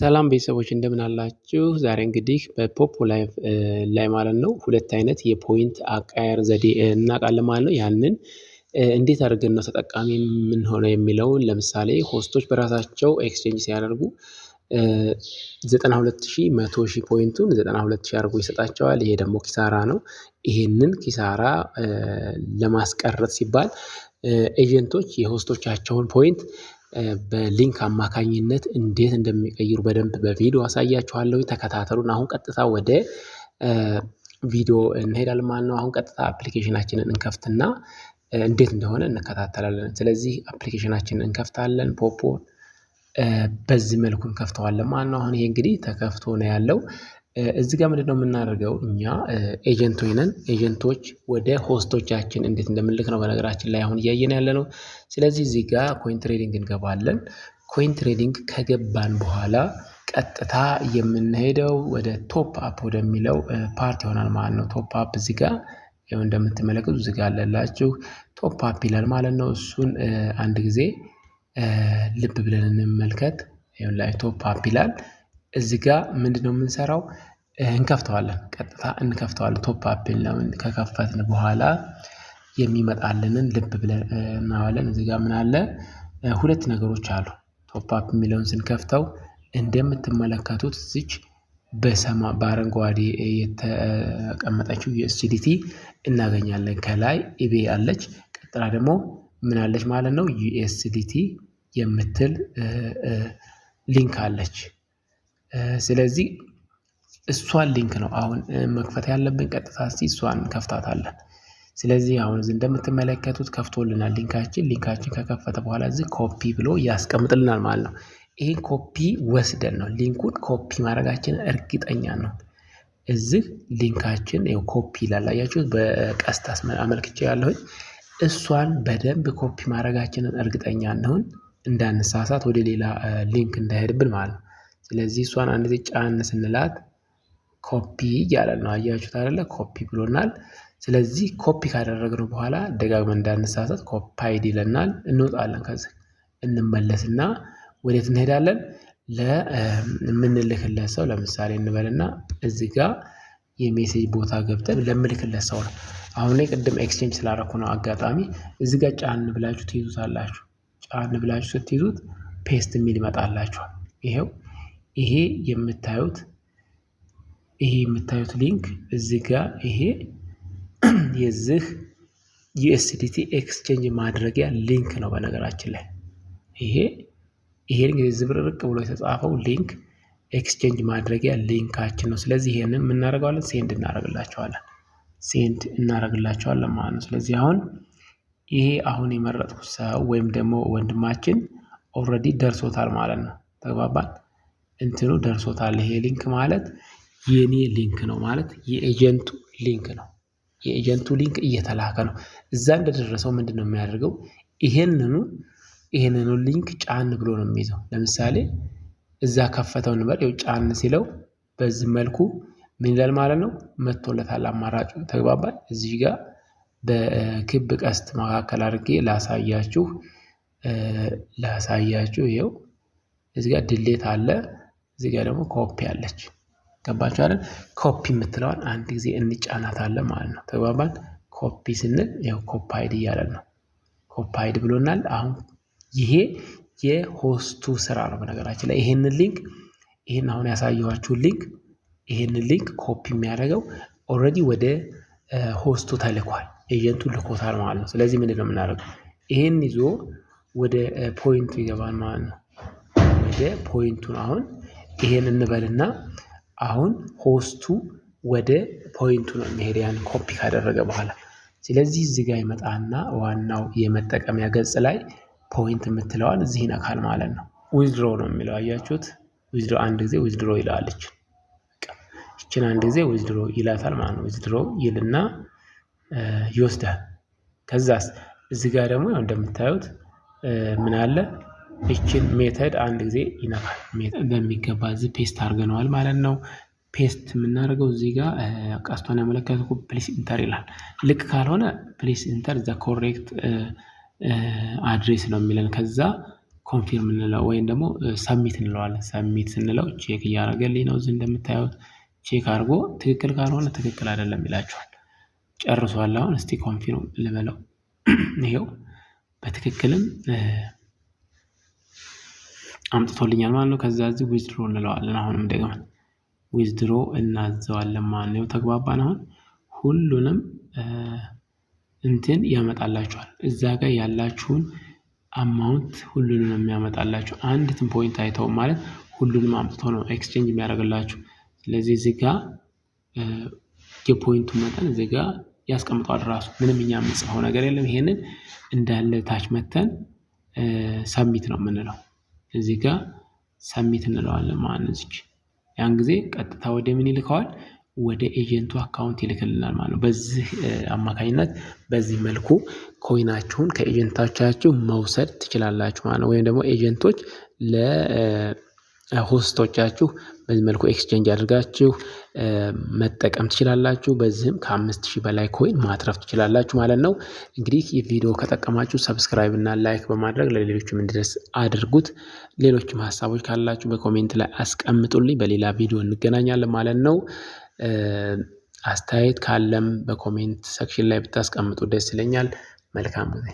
ሰላም ቤተሰቦች እንደምን አላችሁ? ዛሬ እንግዲህ በፖፖ ላይቭ ላይ ማለት ነው ሁለት አይነት የፖይንት አቃየር ዘዴ እናውቃለን ማለት ነው። ያንን እንዴት አድርገን ነው ተጠቃሚ የምንሆነው የሚለውን ለምሳሌ ሆስቶች በራሳቸው ኤክስቼንጅ ሲያደርጉ 92100 ፖይንቱን 92 አድርጎ ይሰጣቸዋል። ይሄ ደግሞ ኪሳራ ነው። ይሄንን ኪሳራ ለማስቀረት ሲባል ኤጀንቶች የሆስቶቻቸውን ፖይንት በሊንክ አማካኝነት እንዴት እንደሚቀይሩ በደንብ በቪዲዮ አሳያችኋለሁ። ተከታተሉን። አሁን ቀጥታ ወደ ቪዲዮ እንሄዳል ማለት ነው። አሁን ቀጥታ አፕሊኬሽናችንን እንከፍትና እንዴት እንደሆነ እንከታተላለን። ስለዚህ አፕሊኬሽናችንን እንከፍታለን። ፖፖ በዚህ መልኩ እንከፍተዋለን ማለት ነው። አሁን ይሄ እንግዲህ ተከፍቶ ነው ያለው። እዚ ጋር ምንድነው የምናደርገው እኛ ኤጀንት ወይነን ኤጀንቶች ወደ ሆስቶቻችን እንዴት እንደምንልክ ነው በነገራችን ላይ አሁን እያየን ያለ ነው። ስለዚህ እዚህ ጋር ኮይን ትሬዲንግ እንገባለን። ኮይን ትሬዲንግ ከገባን በኋላ ቀጥታ የምንሄደው ወደ ቶፕ አፕ ወደሚለው ፓርት ይሆናል ማለት ነው። ቶፕ አፕ እዚህ ጋር ይኸው እንደምትመለከቱ እዚህ ጋር አለላችሁ ቶፕ አፕ ይላል ማለት ነው። እሱን አንድ ጊዜ ልብ ብለን እንመልከት። ላይ ቶፕ አፕ ይላል። እዚህ ጋ ምንድነው የምንሰራው? እንከፍተዋለን ቀጥታ እንከፍተዋለን። ቶፕ አፕን ለምን ከከፈትን በኋላ የሚመጣልንን ልብ ብለን እናዋለን። እዚህ ጋ ምን አለ? ሁለት ነገሮች አሉ። ቶፕ አፕ የሚለውን ስንከፍተው እንደምትመለከቱት እዚች በሰማ በአረንጓዴ የተቀመጠችው ዩኤስዲቲ እናገኛለን። ከላይ ኢቤ አለች። ቀጥላ ደግሞ ምን አለች ማለት ነው ዩኤስዲቲ የምትል ሊንክ አለች። ስለዚህ እሷን ሊንክ ነው አሁን መክፈት ያለብን። ቀጥታ እስቲ እሷን ከፍታታለን። ስለዚህ አሁን እዚህ እንደምትመለከቱት ከፍቶልናል ሊንካችን። ሊንካችን ከከፈተ በኋላ እዚህ ኮፒ ብሎ ያስቀምጥልናል ማለት ነው። ይህን ኮፒ ወስደን ነው ሊንኩን ኮፒ ማድረጋችንን እርግጠኛ ነው። እዚህ ሊንካችን ይኸው ኮፒ ላላያችሁ በቀስት አመልክቼ ያለሁኝ እሷን በደንብ ኮፒ ማድረጋችንን እርግጠኛ እንሁን፣ እንዳንሳሳት ወደ ሌላ ሊንክ እንዳይሄድብን ማለት ነው። ስለዚህ እሷን አንድ ጫን ስንላት ኮፒ እያለን ነው። አያችሁት አይደለ? ኮፒ ብሎናል። ስለዚህ ኮፒ ካደረግነው በኋላ ደጋግመን እንዳንሳሳት ኮፓይድ ይለናል። እንወጣለን። ከዚህ እንመለስና ወዴት እንሄዳለን? ለምንልክለት ሰው ለምሳሌ እንበልና እዚህ ጋ የሜሴጅ ቦታ ገብተን ለምልክለት ሰው ነው። አሁን ላይ ቅድም ኤክስቼንጅ ስላረኩ ነው አጋጣሚ። እዚህ ጋ ጫን ብላችሁ ትይዙታላችሁ። ጫን ብላችሁ ስትይዙት ፔስት የሚል ይመጣላችኋል። ይሄው ይሄ የምታዩት ይሄ የምታዩት ሊንክ እዚህ ጋር ይሄ የዚህ ዩኤስዲቲ ኤክስቼንጅ ማድረጊያ ሊንክ ነው። በነገራችን ላይ ይሄ ይሄ እንግዲህ ዝብርርቅ ብሎ የተጻፈው ሊንክ ኤክስቼንጅ ማድረጊያ ሊንካችን ነው። ስለዚህ ይሄንን የምናደርገዋለን ሴንድ እናደርግላቸዋለን ሴንድ እናደርግላቸዋለን ማለት ነው። ስለዚህ አሁን ይሄ አሁን የመረጥኩት ሰው ወይም ደግሞ ወንድማችን ኦልሬዲ ደርሶታል ማለት ነው። ተግባባን። እንትኑ ደርሶታል። ይሄ ሊንክ ማለት የኔ ሊንክ ነው ማለት የኤጀንቱ ሊንክ ነው። የኤጀንቱ ሊንክ እየተላከ ነው። እዛ እንደደረሰው ምንድን ነው የሚያደርገው? ይሄንኑ ይሄንኑ ሊንክ ጫን ብሎ ነው የሚይዘው። ለምሳሌ እዛ ከፈተው እንበል፣ ው ጫን ሲለው በዚህ መልኩ ምን ይላል ማለት ነው? መቶለታል አማራጩ ተግባባል። እዚህ ጋር በክብ ቀስት መካከል አድርጌ ላሳያችሁ ላሳያችሁ ይኸው እዚህ ጋር ድሌት አለ። እዚህ ጋር ደግሞ ኮፒ አለች። ገባችሁ አይደል? ኮፒ የምትለዋን አንድ ጊዜ እንጫናታለን ማለት ነው። ተግባባን። ኮፒ ስንል ያው ኮፓይድ እያለን ነው። ኮፓይድ ብሎናል። አሁን ይሄ የሆስቱ ስራ ነው። በነገራችን ላይ ይሄንን ሊንክ ይሄን አሁን ያሳየኋችሁን ሊንክ ይሄንን ሊንክ ኮፒ የሚያደርገው ኦልሬዲ ወደ ሆስቱ ተልኳል። ኤጀንቱ ልኮታል ማለት ነው። ስለዚህ ምንድን ነው የምናደርገው? ይሄን ይዞ ወደ ፖይንቱ ይገባል ማለት ነው። ወደ ፖይንቱን አሁን ይሄን እንበልና አሁን ሆስቱ ወደ ፖይንቱ ነው የሚሄድ ያን ኮፒ ካደረገ በኋላ። ስለዚህ እዚህ ጋር ይመጣና ዋናው የመጠቀሚያ ገጽ ላይ ፖይንት የምትለዋል እዚህን አካል ማለት ነው ዊዝድሮ ነው የሚለው አያችሁት። ዊዝድሮ አንድ ጊዜ ዊዝድሮ ይለዋለች። ይችን አንድ ጊዜ ዊዝድሮ ይላታል ማለት ነው። ዊዝድሮ ይልና ይወስዳል። ከዛስ እዚህ ጋር ደግሞ ያው እንደምታዩት ምን አለ እችን ሜተድ አንድ ጊዜ ይነካል። በሚገባ እዚህ ፔስት አድርገነዋል ማለት ነው። ፔስት የምናደርገው እዚህ ጋር ቀስቷን ያመለከትኩ ፕሊስ ኢንተር ይላል። ልክ ካልሆነ ፕሊስ ኢንተር ዘ ኮሬክት አድሬስ ነው የሚለን። ከዛ ኮንፊርም እንለው ወይም ደግሞ ሰሚት እንለዋለን። ሰሚት ስንለው ቼክ እያደረገልኝ ነው። እዚህ እንደምታዩት ቼክ አድርጎ ትክክል ካልሆነ ትክክል አይደለም ይላቸዋል። ጨርሷል። አሁን እስቲ ኮንፊርም ልበለው። ይሄው በትክክልም አምጥቶልኛል ማለት ነው። ከዛ እዚህ ዊዝድሮ እንለዋለን። አሁንም ደግመን ዊዝድሮ እናዘዋለን ማለት ነው። ተግባባን። አሁን ሁሉንም እንትን ያመጣላችኋል። እዛ ጋር ያላችሁን አማውንት ሁሉንም የሚያመጣላችሁ አንዲትን ፖይንት አይተው ማለት ሁሉንም አምጥቶ ነው ኤክስቼንጅ የሚያደርግላችሁ። ስለዚህ እዚህ የፖይንቱ መጠን እዚህ ያስቀምጠዋል ራሱ። ምንም እኛ የምንጽፈው ነገር የለም። ይሄንን እንዳለ ታች መተን ሰሚት ነው የምንለው። እዚህ ጋር ሰሚት እንለዋለን ማለት ነው። እዚች ያን ጊዜ ቀጥታ ወደ ምን ይልከዋል? ወደ ኤጀንቱ አካውንት ይልክልናል ማለት ነው። በዚህ አማካኝነት በዚህ መልኩ ኮይናችሁን ከኤጀንቶቻችሁ መውሰድ ትችላላችሁ ማለት ነው። ወይም ደግሞ ኤጀንቶች ለ ሆስቶቻችሁ በዚህ መልኩ ኤክስቼንጅ አድርጋችሁ መጠቀም ትችላላችሁ። በዚህም ከአምስት ሺህ በላይ ኮይን ማትረፍ ትችላላችሁ ማለት ነው። እንግዲህ ይህ ቪዲዮ ከጠቀማችሁ ሰብስክራይብ እና ላይክ በማድረግ ለሌሎችም እንዲደርስ አድርጉት። ሌሎችም ሀሳቦች ካላችሁ በኮሜንት ላይ አስቀምጡልኝ። በሌላ ቪዲዮ እንገናኛለን ማለት ነው። አስተያየት ካለም በኮሜንት ሰክሽን ላይ ብታስቀምጡ ደስ ይለኛል። መልካም ጊዜ